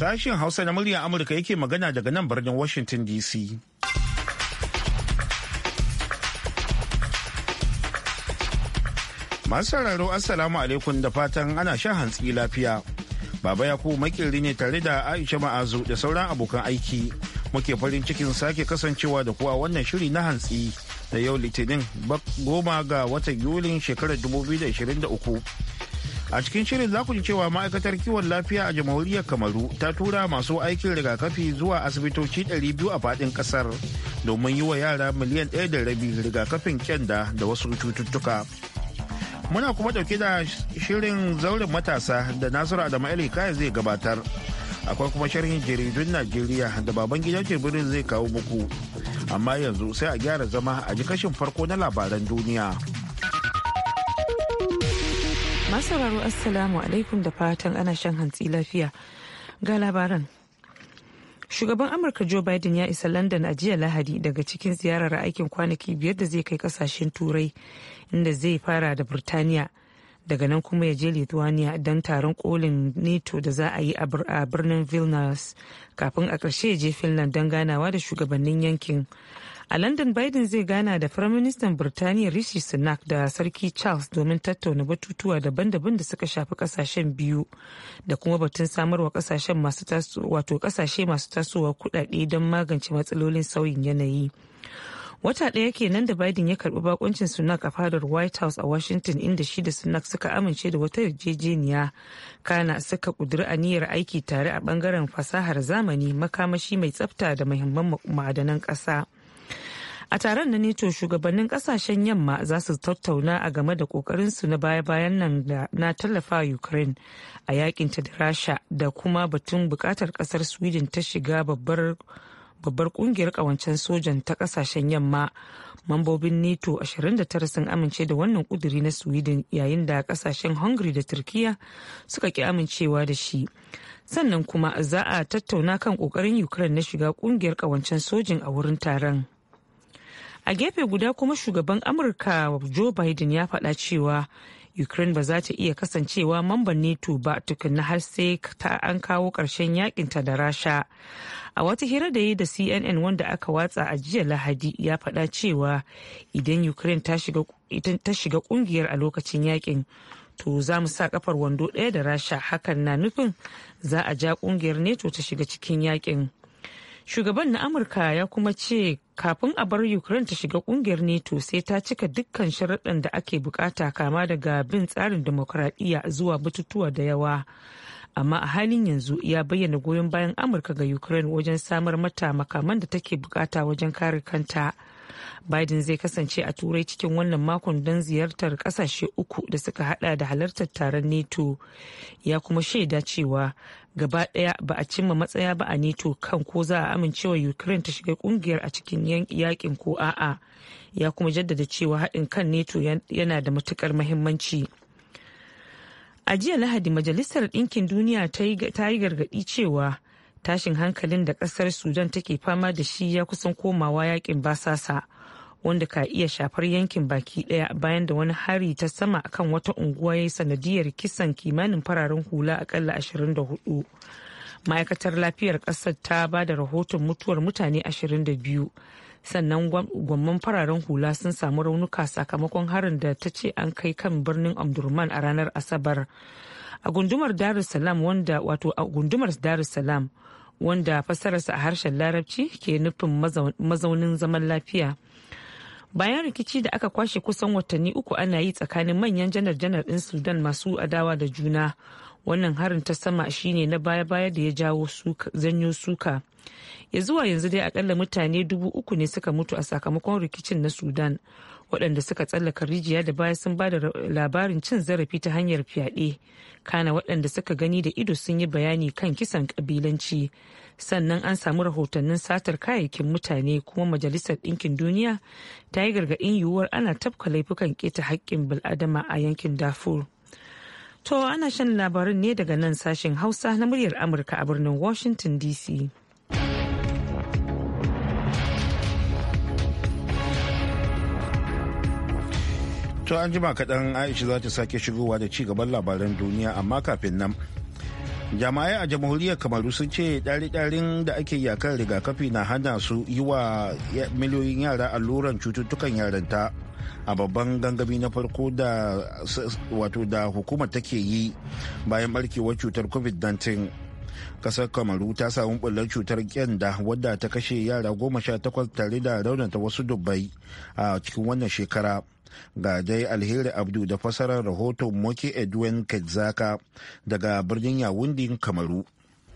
Sashen Hausa na muryar Amurka yake magana daga nan birnin Washington DC. Masu sauraro Assalamu alaikum da fatan ana shan hantsi lafiya. Baba Yakubu makirri ne tare da Aisha Ma'azu da sauran abokan aiki. Muke farin cikin sake kasancewa da kuwa wannan shiri na hantsi da yau Litinin goma ga watan Yulin shekarar 2023. a cikin shirin za ku ji cewa ma'aikatar kiwon lafiya a jamhuriyar kamaru ta tura masu aikin rigakafi zuwa asibitoci 200 a fadin kasar domin yi wa yara miliyan ɗaya da rabi rigakafin kyanda da wasu cututtuka muna kuma ɗauke da shirin zauren matasa da nasiru adamu kai zai gabatar akwai kuma sharhin jaridun najeriya da baban gidan birnin zai kawo muku amma yanzu sai a gyara zama a ji kashin farko na labaran duniya. Masu sauraro Assalamu alaikum da fatan ana shan hantsi lafiya ga labaran. Shugaban Amurka Joe Biden ya isa London a jiya Lahadi daga cikin ziyarar aikin kwanaki biyar da zai kai kasashen Turai inda zai fara da Burtaniya. Daga nan kuma ya je Lithuania don taron kolin NATO da za a yi a birnin Vilnius kafin a ƙarshe ya je Finland don ganawa da shugabannin yankin. A London Biden zai gana da Firaministan Birtaniya Rishi Sunak da Sarki Charles domin tattauna batutuwa daban-daban da suka shafi kasashen biyu da kuma batun samarwa kasashen masu wato kasashe masu tasowa kudade don magance matsalolin sauyin yanayi. Wata ɗaya kenan da Biden ya karbi bakuncin Sunak a fadar White House a Washington inda shi da Sunak suka amince da wata yarjejeniya kana suka kuduri aniyar aiki tare a bangaren fasahar zamani makamashi mai tsafta da muhimman ma'adanan ƙasa. a taron na neto shugabannin kasashen yamma za su tattauna a game da kokarinsu na baya-bayan nan da na tallafa ukraine a yakinta da rasha da kuma batun bukatar kasar sweden ta shiga babbar babbar kungiyar kawancen sojan ta kasashen yamma mambobin nato 29 sun amince da wannan kuduri na sweden yayin da kasashen hungary da turkiya suka ki amincewa da shi sannan kuma za a tattauna kan kokarin ukraine na shiga kungiyar kawancen sojin a wurin taron a gefe guda kuma shugaban amurka joe biden ya faɗa cewa ukraine ba za ta iya kasancewa mamban neto ba tukunna har sai ta an kawo ƙarshen yakinta da rasha a wata hira da yi da cnn wanda aka watsa a jiya lahadi ya faɗa cewa idan ukraine ta shiga kungiyar a lokacin yakin to za mu sa kafar wando ɗaya da rasha hakan na nufin za a ja kungiyar neto ta shiga cikin yakin shugaban na amurka ya kuma ce kafin a bar ukraine ta shiga kungiyar nato sai ta cika dukkan sharaɗin da ake bukata kama daga bin tsarin demokuraɗiyya zuwa batutuwa da yawa amma a halin yanzu ya bayyana goyon bayan amurka ga ukraine wajen samar mata makaman da take bukata wajen kare kanta Biden zai kasance a turai cikin wannan makon don ziyartar kasashe uku da suka hada da halartar taron neto ya kuma shaida cewa gaba daya ba a cimma matsaya ba a neto kan ko za a amincewa Ukraine ta shiga kungiyar a cikin yakin ko a'a ya kuma jaddada cewa haɗin kan neto yana da matukar mahimmanci A jiya Lahadi Majalisar Ɗinkin Duniya ta yi gargaɗi cewa tashin hankalin da kasar sudan take fama da shi ya kusan komawa yakin basasa wanda ka iya shafar yankin baki daya bayan da wani hari ta sama akan wata unguwa ya yi sanadiyar kisan kimanin fararen hula akalla 24 ma'aikatar lafiyar kasar ta ba da rahoton mutuwar mutane 22 sannan gwamman fararen hula sun samu raunuka sakamakon harin da ta ce an kai kan birnin omdurman a ranar asabar a gundumar darussalam wanda wato a gundumar darussalam wanda fasararsa a harshen larabci ke nufin mazaunin zaman lafiya bayan rikici da aka kwashe kusan watanni uku ana yi tsakanin manyan janar-janar ɗin sudan masu adawa da juna wannan harin ta sama shine na baya-baya da ya jawo zanyo suka ya zuwa yanzu dai akalla mutane dubu uku ne suka mutu a sakamakon rikicin na sudan waɗanda suka tsallaka rijiya da baya sun ba da labarin cin zarafi ta hanyar fyaɗe kana waɗanda suka gani da ido sun yi bayani kan kisan kabilanci sannan an samu rahotannin satar kayayyakin mutane kuma majalisar ɗinkin duniya ta yi gargaɗin yiwuwar ana tafka laifukan keta haƙƙin bil'adama a yankin dafur to ana shan labarin ne daga nan sashen hausa na muryar amurka a birnin washington dc To an jima kaɗan Aisha za ta sake shigowa da ci gaban labaran duniya amma kafin nan. jama'ai a jamhuriyar kamaru sun ce ɗari-ɗarin da ake yakan rigakafi na hana su yi wa miliyoyin yara alluran cututtukan yaranta a babban gangami na farko da wato da hukumar take yi bayan barkewar cutar covid-19 kasar kamaru ta samu bullar cutar kyanda wadda ta kashe yara goma sha takwas tare da raunata wasu dubbai a cikin wannan shekara ga dai alheri abdu da fasarar rahoton moki edwin kedzaka daga birnin yawundin kamaru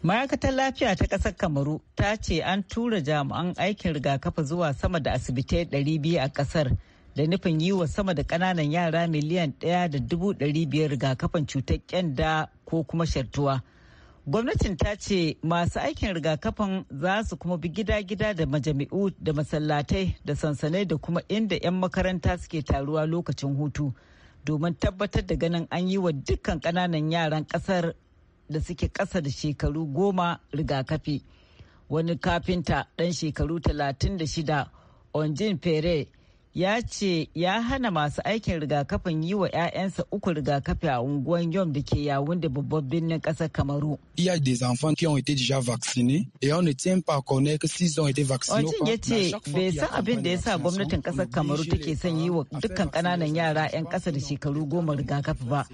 ma'aikatar lafiya ta ƙasar kamaru ta ce an tura jami'an aikin rigakafi zuwa sama da asibitai 200 a ƙasar da nufin yi wa sama da ƙananan yara miliyan 1.5 rigakafin cutar kyanda ko kuma shartuwa. Gwamnatin ta ce masu aikin rigakafin za su kuma bi gida-gida da majami'u da masallatai da sansanai da kuma inda 'yan makaranta suke taruwa lokacin hutu domin tabbatar da ganin an yi wa dukkan kananan yaran kasar da suke kasa da shekaru goma rigakafi. Wani kafinta dan shekaru 36 Onjin Fere ya ce ya hana masu aikin rigakafin yi wa 'ya'yansa uku rigakafi a unguwan yom da ke yawun da babban birnin ƙasar kamaru. Il des enfants qui ont été déjà vaccinés et on ne tient pas que s'ils ont été vaccinés. Ocin ya ce bai san abin da ya sa gwamnatin ƙasar kamaru take son yi wa dukkan ƙananan yara 'yan ƙasa da shekaru goma rigakafi ba.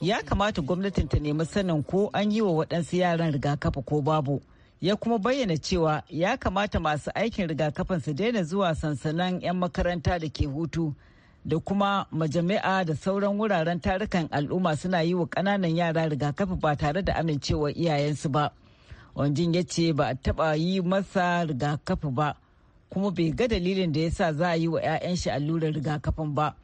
Ya kamata gwamnatin ta nemi sanin ko an yi wa waɗansu yaran rigakafi ko babu. ya kuma bayyana cewa ya kamata masu aikin rigakafin su daina zuwa sansanan 'yan makaranta da ke hutu da kuma majami'a da sauran wuraren tarukan al'umma suna yi wa kananan yara rigakafi ba tare da amincewa iyayensu ba wanjin ya ce ba a taba yi masa rigakafi ba kuma bai ga dalilin da ya sa za a yi wa 'ya'yan shi allurar rigakafin ba.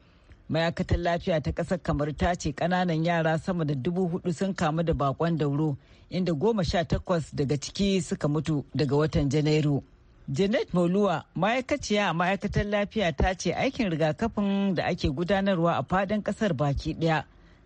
ma'aikatar lafiya ta ƙasar kamar ta ce ƙananan yara sama da dubu hudu sun kamu da bakon dauro inda goma sha takwas daga ciki suka mutu daga watan janairu janet moluwa ma'aikaciya a ma'aikatar lafiya ta ce aikin rigakafin da ake gudanarwa a fadin ƙasar baki ɗaya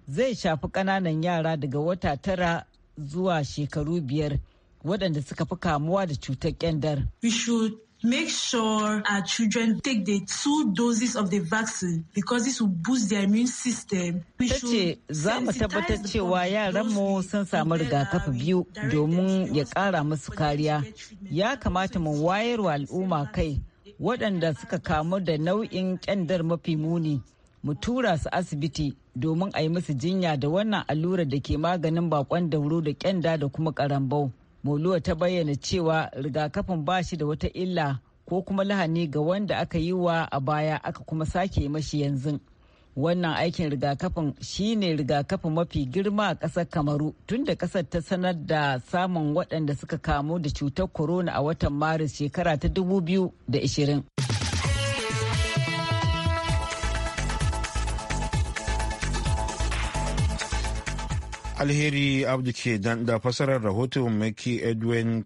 zai shafi ƙananan yara daga wata tara zuwa shekaru biyar waɗanda suka fi kamuwa da cutar kyandar. We should make sure our children take the two doses of the vaccine because this will boost their immune system. tace za mu tabbatar cewa yaranmu sun samu rigakafi biyu domin ya kara musu kariya. Ya kamata mu wayar wa al'umma kai waɗanda suka kamu da nau'in ƙyandar mafi muni. mu tura su asibiti domin a yi musu jinya da wannan allurar da ke maganin bakon dauro da kyanda da kuma karambau. moluwa ta bayyana cewa rigakafin ba shi da wata illa ko kuma lahani ga wanda aka yi wa a baya aka kuma sake mashi yanzu wannan aikin rigakafin shi ne rigakafin mafi girma a ƙasar kamaru tun da ƙasar ta sanar da samun waɗanda suka kamu da cutar corona a watan maris shekara ta 2020 alheri abdu ke da fasarar rahoton maki edwin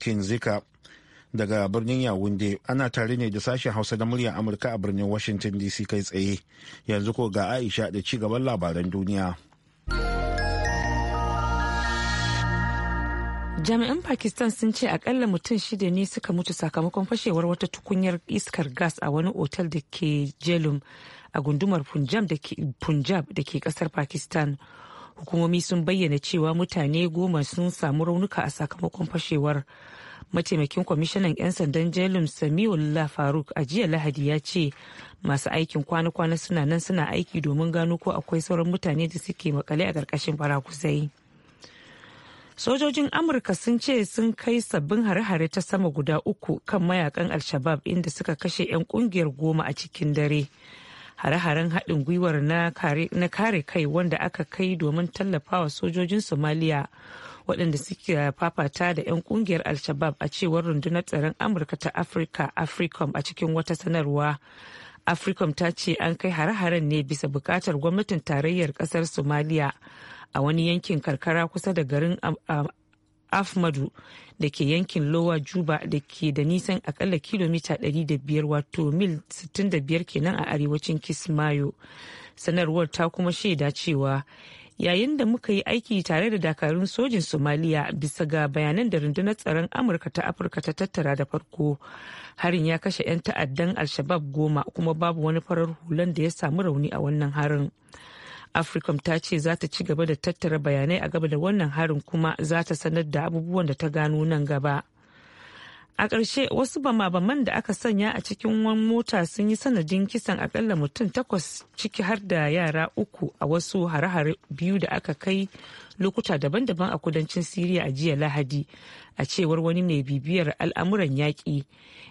kinzika daga birnin yawunde ana tare ne da sashen hausa da muryar amurka a birnin washington dc kai tsaye yanzu ko ga aisha da ci gaban labaran duniya jami'an pakistan sun ce akalla mutum shida ne suka mutu sakamakon fashewar wata tukunyar iskar gas a wani otal da ke jelum a gundumar punjab da ke kasar pakistan hukumomi sun bayyana cewa mutane goma sun samu raunuka a sakamakon fashewar mataimakin kwamishinan 'yan sandan jelum samiullah faruk a jiya lahadi ya ce masu aikin kwana-kwana suna nan suna aiki domin gano ko akwai sauran mutane da suke makale a ƙarƙashin barakusai sojojin amurka sun ce sun kai sabbin hare-hare ta sama guda uku kan mayakan al-shabab inda suka kashe 'yan kungiyar goma a cikin dare hare-haren haɗin gwiwar na kare kai wanda aka kai domin tallafawa sojojin somaliya waɗanda suke fafata da 'yan kungiyar al-shabab a cewar rundunar tsaron amurka ta afirka africom a cikin wata sanarwa africom ta ce an kai hare-haren ne bisa buƙatar gwamnatin tarayyar ƙasar somaliya a wani yankin karkara kusa da garin afmadu da ke yankin lowa juba da ke da nisan akalla kilomita 500 wato mil 65 kenan a arewacin kismayo sanarwar ta kuma shaida cewa yayin da muka yi aiki tare da dakarun sojin somaliya bisa ga bayanan da rundunar tsaron amurka ta afirka ta tattara da farko harin ya kashe 'yan ta'addan alshabab goma kuma babu wani farar hulan da ya samu rauni a wannan harin. africom ta ce za ta ci gaba da tattara bayanai a gaba da wannan harin kuma za ta sanar da abubuwan da ta gano nan gaba a ƙarshe wasu bama-baman da aka sanya a cikin wani mota sun yi sanadin kisan akalla mutum takwas ciki har da yara uku a wasu hare-hare biyu da aka kai lokuta daban-daban a kudancin siriya a jiya lahadi a cewar wani mai bibiyar al'amuran yaƙi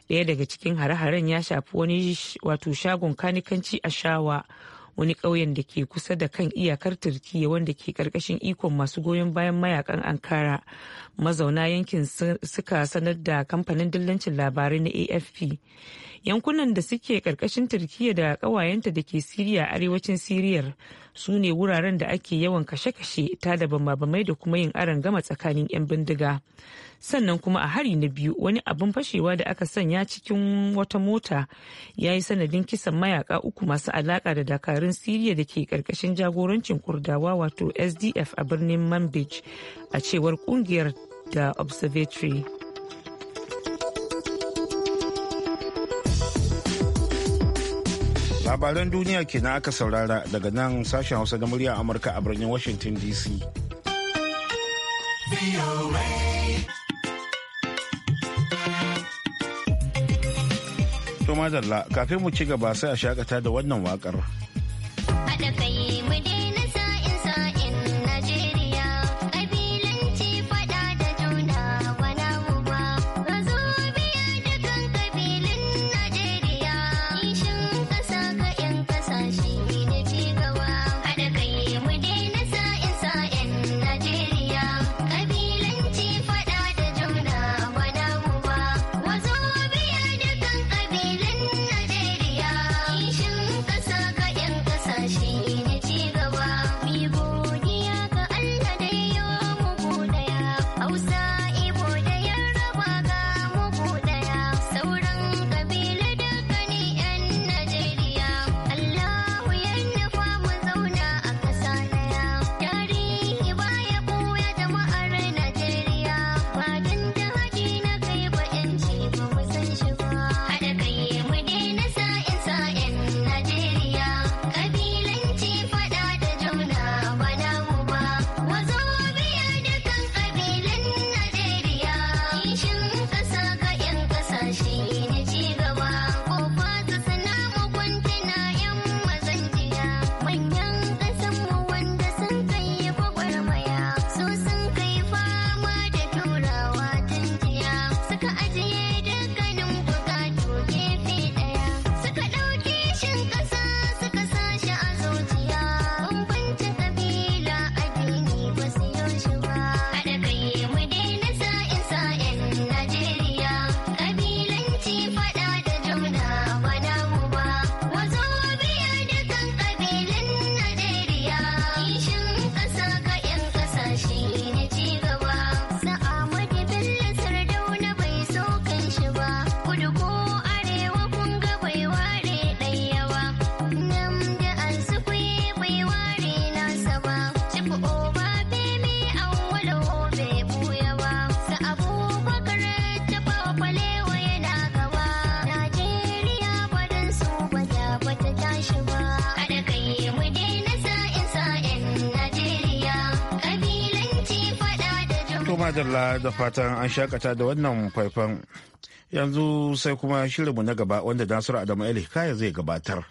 ɗaya daga cikin hare-haren ya shafi wani wato shagon kanikanci a shawa wani ƙauyen da ke kusa da kan iyakar turkiya wanda ke ƙarƙashin ikon masu goyon bayan mayakan ankara mazauna yankin suka sanar da kamfanin dillancin labarai na afp yankunan da suke karkashin turkiyya da kawayenta da ke siriya arewacin siriyar su ne wuraren da ake yawan kashe-kashe ta da bambamai da kuma yin aron gama tsakanin 'yan bindiga sannan kuma a hari na biyu wani abin fashewa da aka sanya cikin wata mota ya yi sanadin kisan mayaka uku masu alaka da dakarun siriya da ke karkashin jagorancin kurdawa wato sdf a birnin manbij a cewar kungiyar da observatory labaran duniya ke na aka saurara daga nan sashen hausa na murya amurka a birnin washington dc to madalla kafin mu ci gaba sai a shakata da wannan wakar. Hada kai mu dai madalla da fatan an shakata da wannan faifan yanzu sai kuma shirinmu na gaba wanda nasiru adamu ali kaya zai gabatar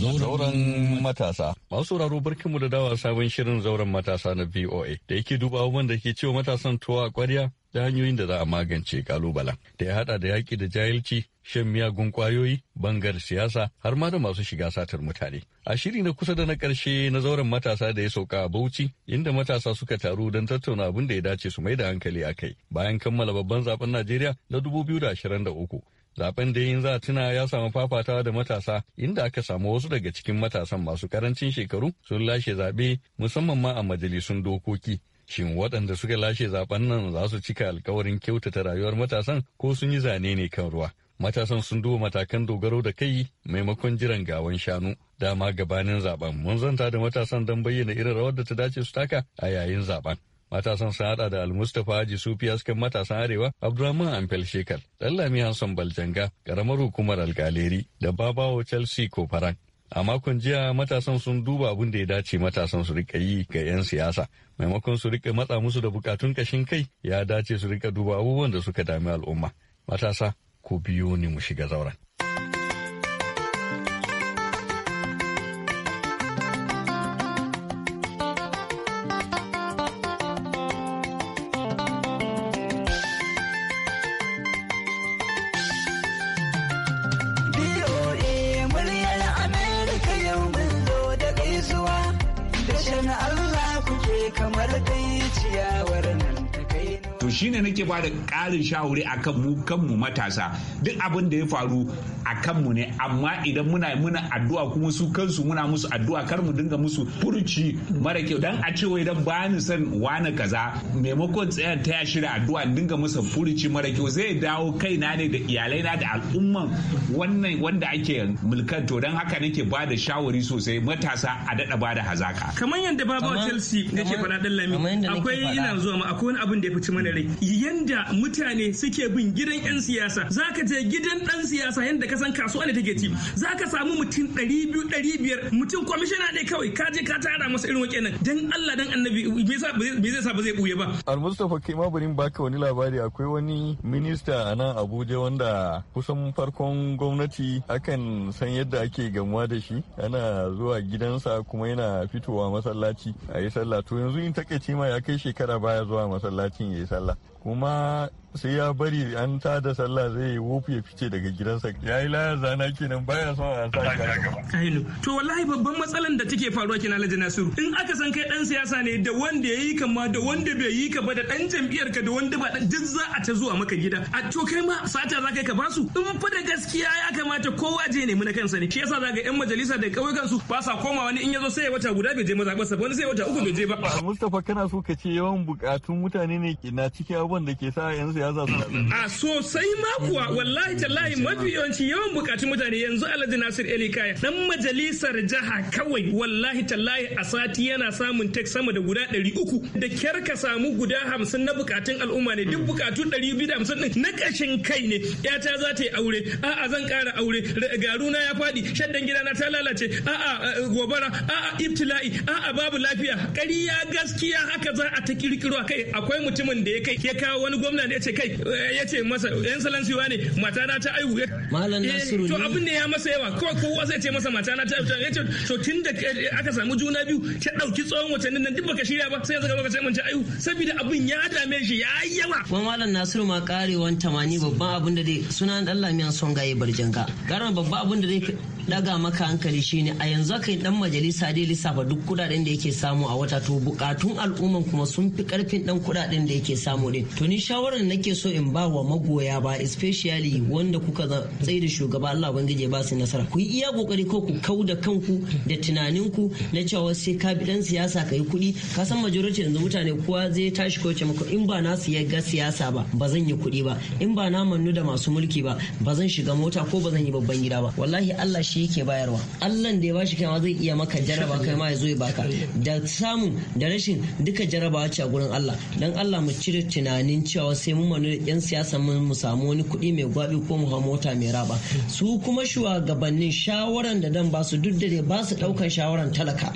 Zauren matasa. Masu sauraro barkinmu da dawa sabon shirin zauren matasa na VOA da yake dubawa wanda ke cewa matasan tuwa a kwarya da hanyoyin da za a magance kalubalen da ya hada da yaƙi da jahilci shan miyagun kwayoyi bangar siyasa har ma da masu shiga satar mutane a shiri na kusa da na ƙarshe na zauren matasa da ya sauka a bauchi inda matasa suka taru don tattauna abin da ya dace su mai da hankali a kai bayan kammala babban zaben najeriya na 2023 zaben da yin za tuna ya samu fafatawa da matasa inda aka samu wasu daga cikin matasan masu karancin shekaru sun lashe zaɓe musamman ma a majalisun dokoki Shin waɗanda suka lashe zaben nan za su cika alkawarin kyautata rayuwar matasan ko sun yi zane ne kan ruwa? Matasan sun duba matakan dogaro da kai maimakon jiran gawan shanu. Dama gabanin zaben mun zanta da matasan don bayyana irin rawar da ta dace su taka a yayin zaben. Matasan sun haɗa da Almustapha Haji Sufi Askan matasan Arewa Abdurrahman Amfel Shekar, lami Hassan Baljanga, ƙaramar hukumar alkaleri da Babawo Chelsea ko faran? A makon jiya matasan sun duba abin da ya dace matasan su rika yi ga 'yan siyasa. Maimakon su rika matsa musu da bukatun kashin kai ya dace su rika duba abubuwan da suka dami al'umma. Matasa, ko biyo ne mu shiga zauren. fara da ƙarin shawari akan mu kanmu matasa duk abin da ya faru a kanmu ne amma idan muna muna addu'a kuma su kansu muna musu addu'a kar mu dinga musu furuci mara kyau dan a ce wai dan ba ni san wani kaza maimakon tsayar ta ya shirya addu'a dinga musu furuci mara kyau zai dawo kaina ne da iyalai na da al'umman wannan wanda ake mulkan to dan haka nake ba da shawari sosai matasa a dada ba da hazaka kamar yadda baba Chelsea yake fara dan lami akwai ina zuwa ma akwai wani abin da ya fice mana rai yanda mutane suke bin gidan yan siyasa zaka je gidan dan siyasa yanda ka zan kasuwa ne take ci za ka samu mutum ɗari biyu biyar mutum kwamishina ne kawai ka je ka tara masa irin wake nan dan Allah dan annabi me zai sa ba zai buye ba. Al-Mustapha kai ma burin baka wani labari akwai wani minista a nan Abuja wanda kusan farkon gwamnati akan san yadda ake gamuwa da shi ana zuwa gidansa kuma yana fitowa masallaci a yi sallah to yanzu in takaice ma ya kai shekara baya zuwa masallacin ya yi sallah kuma sai ya bari an ta da sallah zai wofi ya fice daga gidansa ya yi laya zana kenan baya son a sa gaba to wallahi babban matsalan da take faruwa kenan Alhaji Nasiru in aka san kai dan siyasa ne da wanda ya yi kama da wanda bai yi ka ba da dan jam'iyyar ka da wanda ba dan duk za a ta zuwa maka gida a to kai ma sata za ka ba su. in fa da gaskiya ya kamata kowa je ne muna kansa ne shi yasa zaga yan majalisa da kauyukan su ba sa koma wani in yazo sai ya wata guda bai je mazaɓarsa ba wani sai wata uku bai je ba Mustapha kana so ka ce yawan bukatun mutane ne na cikin abubuwan da ke sa yan siyasa su a sosai ma kuwa wallahi tallahi mafi yawanci yawan bukatun mutane yanzu Alhaji Nasir Eli Kaya dan majalisar jiha kawai wallahi tallahi a sati yana samun tek sama da guda 300 da kyar ka samu guda 50 na bukatun al'umma ne duk bukatu 250 din na kashin kai ne yata za ta yi aure a'a zan kara aure garuna ya fadi shaddan na ta lalace a'a eh, gobara a'a ibtila'i a'a babu lafiya Kariya gaskiya haka za a ta kirkiro kai akwai mutumin da ya kai ya kawo wani gwamna da ya ce kai eh, ya ce masa yan siwa ne mata na ta aihu malam eh, nasiru to abin ne ya masa yawa kawai kowa zai ce masa mata na ta aihu ya ce to tun da eh, aka samu juna biyu ta dauki tsawon watannin nan duk baka shirya ba sai ya gaba baka ce mun ta aihu saboda abin ya dame shi ya yawa kuma malam nasiru ma karewan tamani babban abin da dai sunan Allah miyan son gaye barjanka karan babban abin da dai daga maka hankali shine a yanzu kai dan majalisa dai lissafa duk kudaden da yake samu a wata to bukatun al'umman kuma sun fi karfin dan kudaden da yake samu din to ni shawaran nake so in ba wa magoya ba especially wanda kuka tsaye da shugaba Allah ubangiji ba su nasara ku yi iya kokari ko ku kau da kanku da tunaninku na cewa sai ka bi dan siyasa ka yi kuɗi ka san majority yanzu mutane kowa zai tashi ko ce maka in ba na siya ga siyasa ba ba zan yi kuɗi ba in ba na mannu da masu mulki ba ba zan shiga mota ko ba zan yi babban gida ba wallahi Allah shi shi yake bayarwa Allah da ya bashi kai ma zai iya maka jaraba kai ma ya zo ya baka da samu da rashin duka jarabawa ce a gurin Allah dan Allah mu cire tunanin cewa sai mu manu yan siyasa mu samu wani kuɗi mai gwabi ko mu mota mai raba su kuma shugabannin shawaran da dan ba su duk da ba su ɗaukan shawaran talaka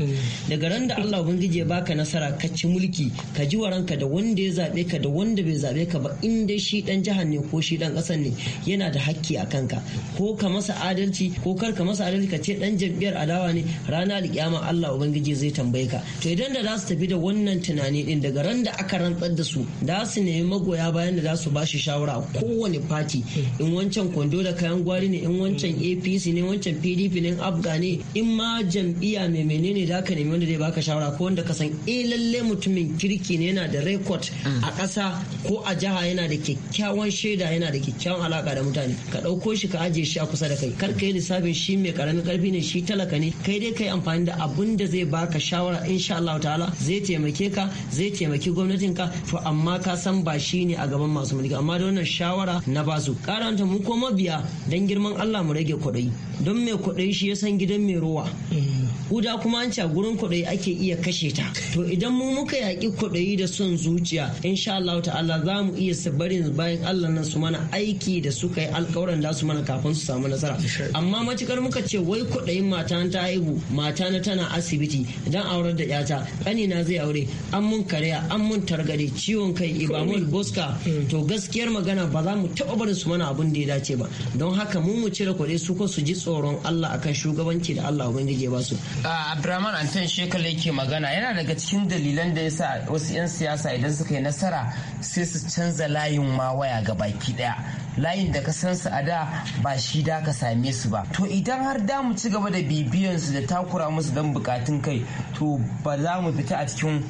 daga ran da Allah ubangiji ya baka nasara ka ci mulki ka ji waranka da wanda ya zabe ka da wanda bai zabe ka ba in dai shi dan jihar ne ko shi dan kasar ne yana da hakki a kanka ko ka masa adalci ko kar ka masa masa adalci ka ce dan jam'iyyar adawa ne rana alkiyama Allah ubangiji zai tambaye ka to idan da za su tafi da wannan tunani din daga ran da aka rantsar da su da su nemi magoya bayan da za su ba shi shawara a kowane fati in wancan kwando da kayan gwari ne in wancan APC ne wancan PDP ne Abga ne in ma jam'iyya mai menene da ka nemi wanda zai baka shawara ko wanda ka san eh lalle mutumin kirki ne yana da record a ƙasa ko a jiha yana da kyakkyawan shaida yana da kyakkyawan alaka da mutane ka ɗauko shi ka ajiye shi a kusa da kai kar ka yi lissafin shi mai karamin karfi ne shi talaka ne kai dai kai amfani da abun da zai baka shawara insha Allah ta'ala zai taimake ka zai taimaki gwamnatin ka to amma ka san ba shi ne a gaban masu mulki amma da wannan shawara na basu karanta mu ko mabiya dan girman Allah mu rage kwaɗayi don mai kwaɗayi shi ya san gidan mai ruwa mm. kuda kuma an ca gurin kwaɗayi ake iya kashe ta to idan mu muka yaƙi kwaɗayi da son zuciya insha Allah ta'ala za mu iya sabarin bayan Allah nan su mana aiki da suka yi alƙawarin da su mana kafin su samu nasara amma matukar muka ce wai kwaɗayin mata ta haihu mata na tana asibiti idan aurar da yata na zai aure an mun karya an mun targade ciwon kai ibamul boska mm. to gaskiyar magana ba za mu taɓa barin su mana abun da ya dace ba don haka mu mu cire kwaɗayi su ko su ji tsoron Allah akan shugabanci da Allah ubangiji ya ba su abdulrahman anton shekala yake magana yana daga cikin dalilan da yasa wasu 'yan siyasa idan suka yi nasara sai su canza layin ma waya ga baki daya layin da ka san su a da ba shi da ka same su ba to idan har da mu ci gaba da bibiyansu su da takura musu don bukatun kai to ba za mu fita a cikin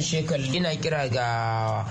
shekaru ina kira ga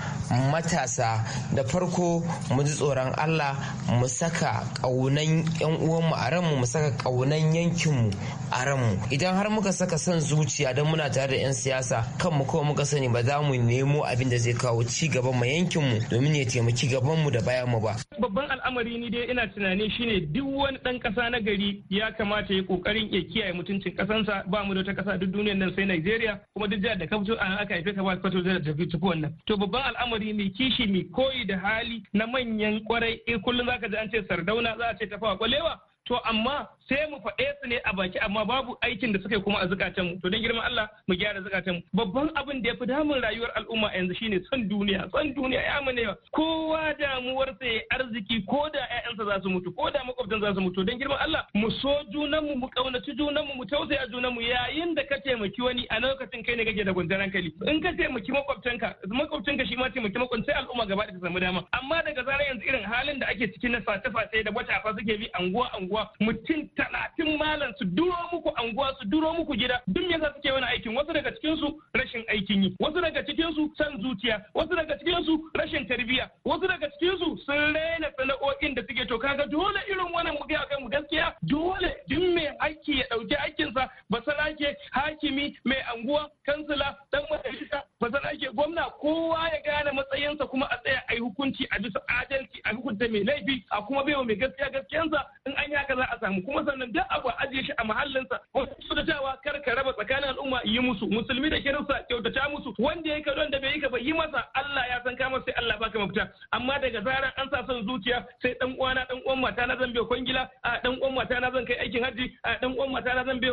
matasa da farko mu ji tsoron allah mu saka ƙaunan yan uwanmu a ranmu mu saka ƙaunan yankinmu a ran mu idan har muka saka son zuciya don muna tare da 'yan siyasa kan mu muka sani ba za mu nemo abin da zai kawo ci gaban mu yankinmu domin ya taimaki gabanmu da bayan mu ba babban al'amari ni dai ina tunani shine duk wani dan kasa na gari ya kamata ya kokarin ya kiyaye mutuncin kasansa ba mu da ta kasa duk duniyar nan sai Najeriya kuma duk jihar da ka zo a aka haife ka ba sokoto da tafi tafi wannan to babban al'amari mai kishi mai koyi da hali na manyan kwarai in eh, kullum zaka ji an ce sardauna za a ce tafawa kwalewa to amma sai mu faɗe su ne a baki amma babu aikin da suka kuma a zukatan mu to don girman Allah mu gyara zukatan mu babban abin da ya fi damun rayuwar al'umma yanzu shine son duniya son duniya ya mu ne kowa damuwar sa arziki ko da ƴaƴansa za su mutu ko da makwabtan za su mutu don girman Allah mu so junan mu mu kaunaci junan mu mu tausaya junan mu yayin da ka taimaki wani a lokacin kai ne kake da gwanjan hankali in ka taimaki makwabtanka makwabtanka shi ma taimaki makwabtan sai al'umma gaba da ta samu dama amma daga zarar yanzu irin halin da ake cikin na fata-fata da wata fa suke bi anguwa anguwa anguwa mutum talatin malam su duro muku anguwa su duro muku gida duk me yasa suke wani aikin wasu daga cikin su rashin aikin yi wasu daga cikin su san zuciya wasu daga cikin su rashin tarbiyya wasu daga cikin su sun raina sana'o'in da suke to kaga dole irin wannan mu ga mu gaskiya dole duk mai aiki ya dauki sa ba sarake hakimi mai anguwa kansila dan majalisa ba sarake gwamna kowa ya gane matsayinsa kuma a tsaya a yi hukunci a bisa adalci a hukunta mai laifi a kuma bai wa mai gaskiya gaskiyansa in an yi haka za a samu kuma sannan duk abu ajiye shi a mahallinsa kyautatawa kar ka raba tsakanin al'umma yi musu musulmi da kirista kyautata musu wanda yake don da bai yi ka ba yi masa Allah ya san kama sai Allah baka mafita amma daga zaran an sa son zuciya sai dan uwana dan uwan mata na zan bai kwangila a dan uwan mata na zan kai aikin haji a dan uwan mata na zan bai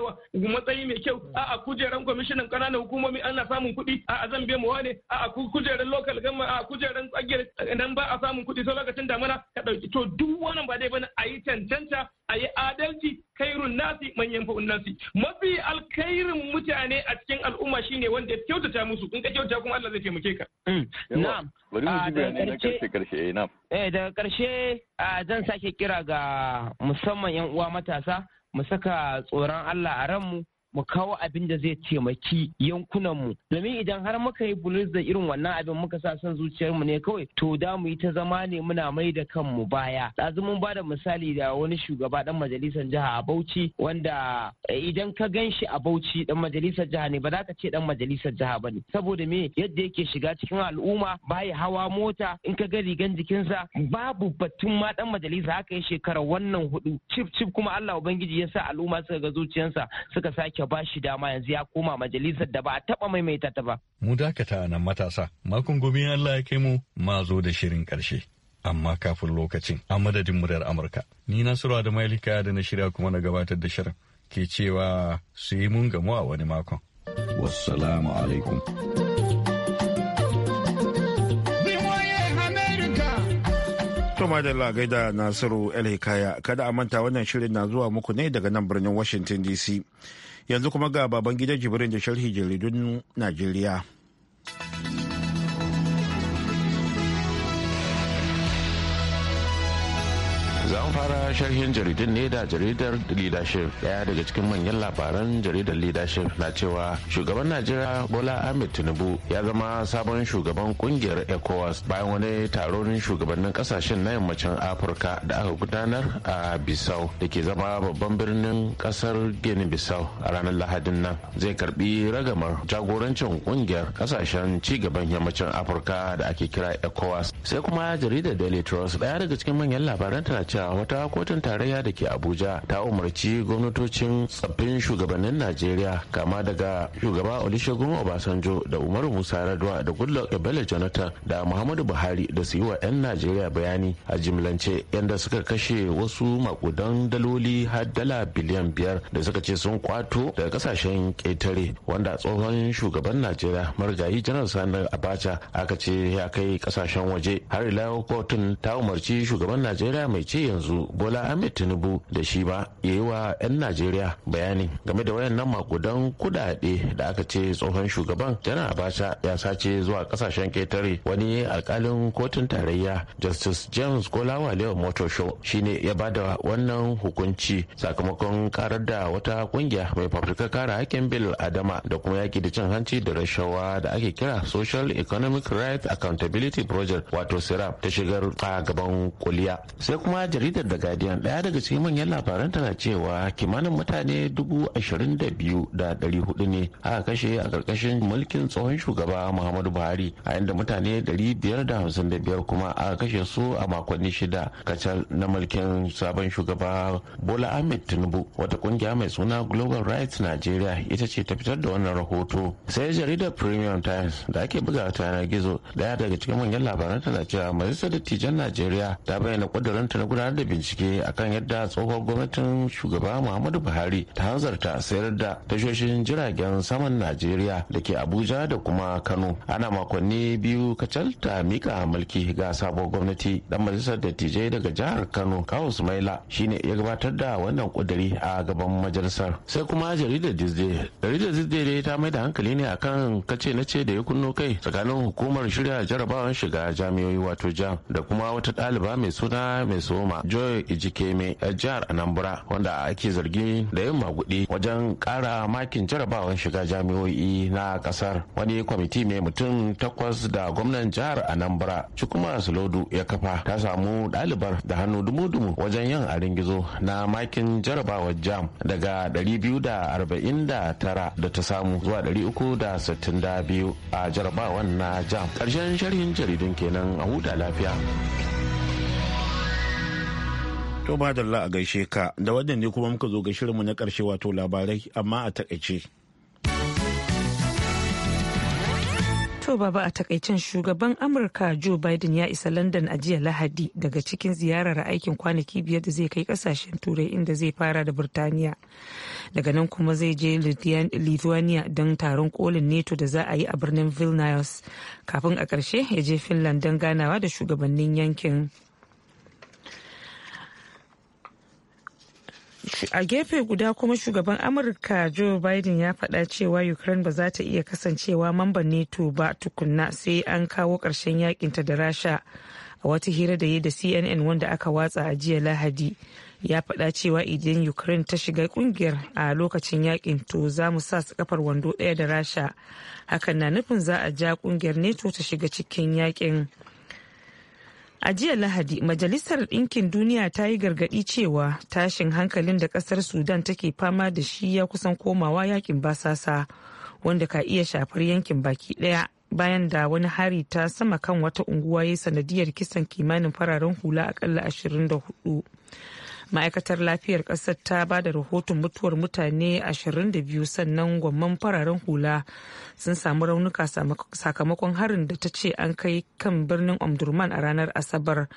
matsayi mai kyau a kujeran kwamishinan kananan hukumomi ana samun kuɗi a zan bai mu wane a kujeran local a kujeran tsagiyar nan ba a samun kuɗi sai lokacin damana ka dauki to duk wannan ba dai bane a yi cancanta a yi adalci kairun nasi manyan fa'un nasi mafi alkairin mutane a cikin al'umma shine wanda ya kyautata musu in ka kyauta kuma Allah zai taimake ka hmm. na'am bari mu ah, ji bayanai na karshe karshe eh, na'am eh daga karshe ah, zan sake kira ga musamman yan uwa matasa mu saka tsoron Allah a ranmu mu kawo abin da zai taimaki yankunan mu. domin idan har muka yi bulus da irin wannan abin muka sa son zuciyarmu ne kawai to da mu yi ta zama ne muna mai da kanmu baya ɗazu mun ba da misali da wani shugaba dan majalisar jiha a bauchi wanda eh, idan ka gan shi a bauchi dan majalisar jiha ne ba za ka ce dan majalisar jiha ba ne saboda me yadda yake shiga cikin al'umma baya hawa mota in ka ga rigan jikinsa babu batun ma dan majalisa haka ya shekara wannan hudu cif cif kuma Allah ubangiji ya sa al'umma suka ga zuciyarsa suka sake sake ba shi dama yanzu ya koma majalisar da ba a taba maimaita ta ba. Mu dakata nan matasa, makon gobe Allah ya kai mu ma zo da shirin karshe. Amma kafin lokacin a madadin muryar Amurka. Ni Nasiru da Mailika da na shirya kuma na gabatar da shirin ke cewa su yi mun gamu a wani makon. Wassalamu alaikum. Toma da gaida Nasiru El Hikaya kada a manta wannan shirin na zuwa muku ne daga nan birnin Washington DC. yanzu kuma ga baban gidan jibrin da sharhi jaridun najeriya za mu fara sharhin jaridun ne da jaridar leadership daya daga cikin manyan labaran jaridar leadership na cewa shugaban najeriya bola ahmed tinubu ya zama sabon shugaban kungiyar ecowas bayan wani taron shugabannin kasashen na yammacin afirka da aka gudanar a bisau da ke zama babban birnin kasar gini bisau a ranar lahadin nan zai karbi ragamar jagorancin kungiyar kasashen ci gaban yammacin afirka da ake kira ecowas sai kuma jaridar daily trust daya daga cikin manyan labaran ce. Amurka wata kotun tarayya da ke Abuja ta umarci gwamnatocin tsaffin shugabannin Najeriya kama daga shugaba Olusegun Obasanjo da Umaru Musa Radwa da Goodluck Ebele Jonathan da Muhammadu Buhari da su yi wa 'yan Najeriya bayani a jimlance yadda suka kashe wasu makudan daloli har dala biliyan biyar da suka ce sun kwato daga kasashen ƙetare wanda tsohon shugaban Najeriya marigayi janar sanar Abacha aka ce ya kai kasashen waje har ila kotun ta umarci shugaban Najeriya mai ce yanzu bola ahmed tinubu da shi ba ya yi wa 'yan najeriya bayani game da wayannan makudan kudade da aka ce tsohon shugaban janar abacha ya sace zuwa kasashen ketare wani alkalin kotun tarayya justice james kolawa motor show shine ya ba da wannan hukunci sakamakon karar da wata kungiya mai fafrika kara hakkin bil adama da kuma yaki da cin hanci da rashawa da ake kira social economic rights accountability project wato sirap ta shigar a gaban kuliya sai kuma jaridar da guardian daya daga cikin manyan labaran tana cewa kimanin mutane dubu ashirin da biyu da dari hudu ne aka kashe a karkashin mulkin tsohon shugaba muhammadu buhari a yadda mutane dari biyar da hamsin da biyar kuma aka kashe su a makonni shida kacal na mulkin sabon shugaba bola ahmed tinubu wata kungiya mai suna global rights nigeria ita ce ta fitar da wannan rahoto sai jaridar premium times da ake buga ta yanar gizo daya daga cikin manyan labaran tana cewa majalisar dattijan najeriya ta bayyana kudurinta na gudanar gudanar da bincike akan yadda tsohon gwamnatin shugaba muhammadu buhari ta hanzarta sayar da tashoshin jiragen saman najeriya da ke abuja da kuma kano ana makonni biyu kacal ta mika mulki ga sabon gwamnati dan majalisar dattijai daga jihar kano kawo sumaila shine ya gabatar da wannan kuduri a gaban majalisar sai kuma jaridar dizde jaridar dai ta mai da hankali ne akan kace na ce da ya kunno kai tsakanin hukumar shirya jarabawan shiga jami'oi wato jam da kuma wata ɗaliba mai suna mai soma joy ijikeme a jihar anambra wanda ake zargi da yin magudi wajen ƙara makin jarabawan shiga jami'o'i na ƙasar. wani kwamiti mai mutum takwas da gwamnan jihar anambra cikuma sulodu ya kafa ta samu ɗalibar da hannu dumu-dumu wajen yin arin gizo na makin jarabawar jam daga 249 da ta samu zuwa 362 a jarabawan na jam ƙarshen sharhin jaridun kenan a huta lafiya. To madalla a gaishe ka da wannan ne kuma muka zo ga shirinmu na karshe wato labarai amma a takaice. To baba a takaicen shugaban Amurka Joe Biden ya isa London a jiya Lahadi daga cikin ziyarar aikin kwanaki biyar da zai kai kasashen turai inda zai fara da Burtaniya. Daga nan kuma zai je Lithuania don taron kolin NETO da za a yi a birnin Vilnius kafin a ƙarshe ya je Finland don ganawa da shugabannin yankin. a gefe guda kuma shugaban amurka joe biden ya faɗa cewa ukraine ba za ta iya kasancewa mamban nato ba tukunna sai an kawo ƙarshen yakinta da rasha a wata hira da yi da cnn wanda aka watsa a jiya lahadi ya faɗa cewa idan ukraine ta shiga kungiyar a lokacin yakin to za mu sa su kafar wando ɗaya da rasha hakan na nufin za a ja kungiyar nato ta shiga cikin yakin. A jiya Lahadi, Majalisar Ɗinkin Duniya ta yi gargaɗi cewa tashin hankalin da ƙasar Sudan take fama da shi ya kusan komawa yakin basasa wanda ka iya shafar yankin baki ɗaya bayan da wani hari ta sama kan wata unguwa ya sanadiyar kisan kimanin fararen hula akalla 24. ma'aikatar lafiyar ƙasar ta ba da rahoton mutuwar mutane 22 sannan gwamman fararen hula sun samu raunuka sakamakon harin da ta ce an kai kan birnin omdurman a ranar asabar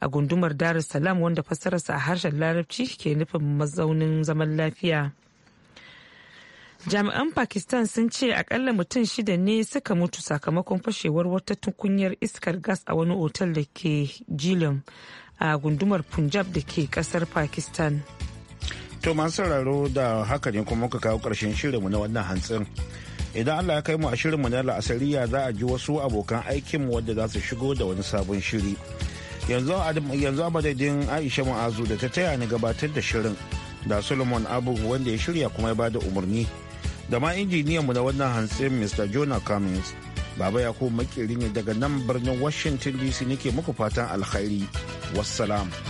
a gundumar dar es salaam wanda fassararsa a harshen larabci ke nufin mazaunin zaman lafiya jami'an pakistan sun ce akalla mutum shida ne suka mutu sakamakon fashewar wata tukunyar iskar gas a wani otal da ke jilin a gundumar punjab da ke kasar pakistan to masu sauraro da haka ne kuma muka kawo karshen shirinmu na wannan hantsin idan allah ya kai mu a shirinmu na la'asariya za a ji wasu abokan aikinmu wadda za su shigo da wani sabon shiri yanzu a madadin aisha ma'azu da ta taya ni gabatar da shirin da solomon abu wanda ya shirya kuma ya bada umarni da ma injiniyanmu na wannan hantsin mr jonah cummings Baba ya ko makirin daga nan birnin Washington DC nake muku fatan alkhairi. Wassalam.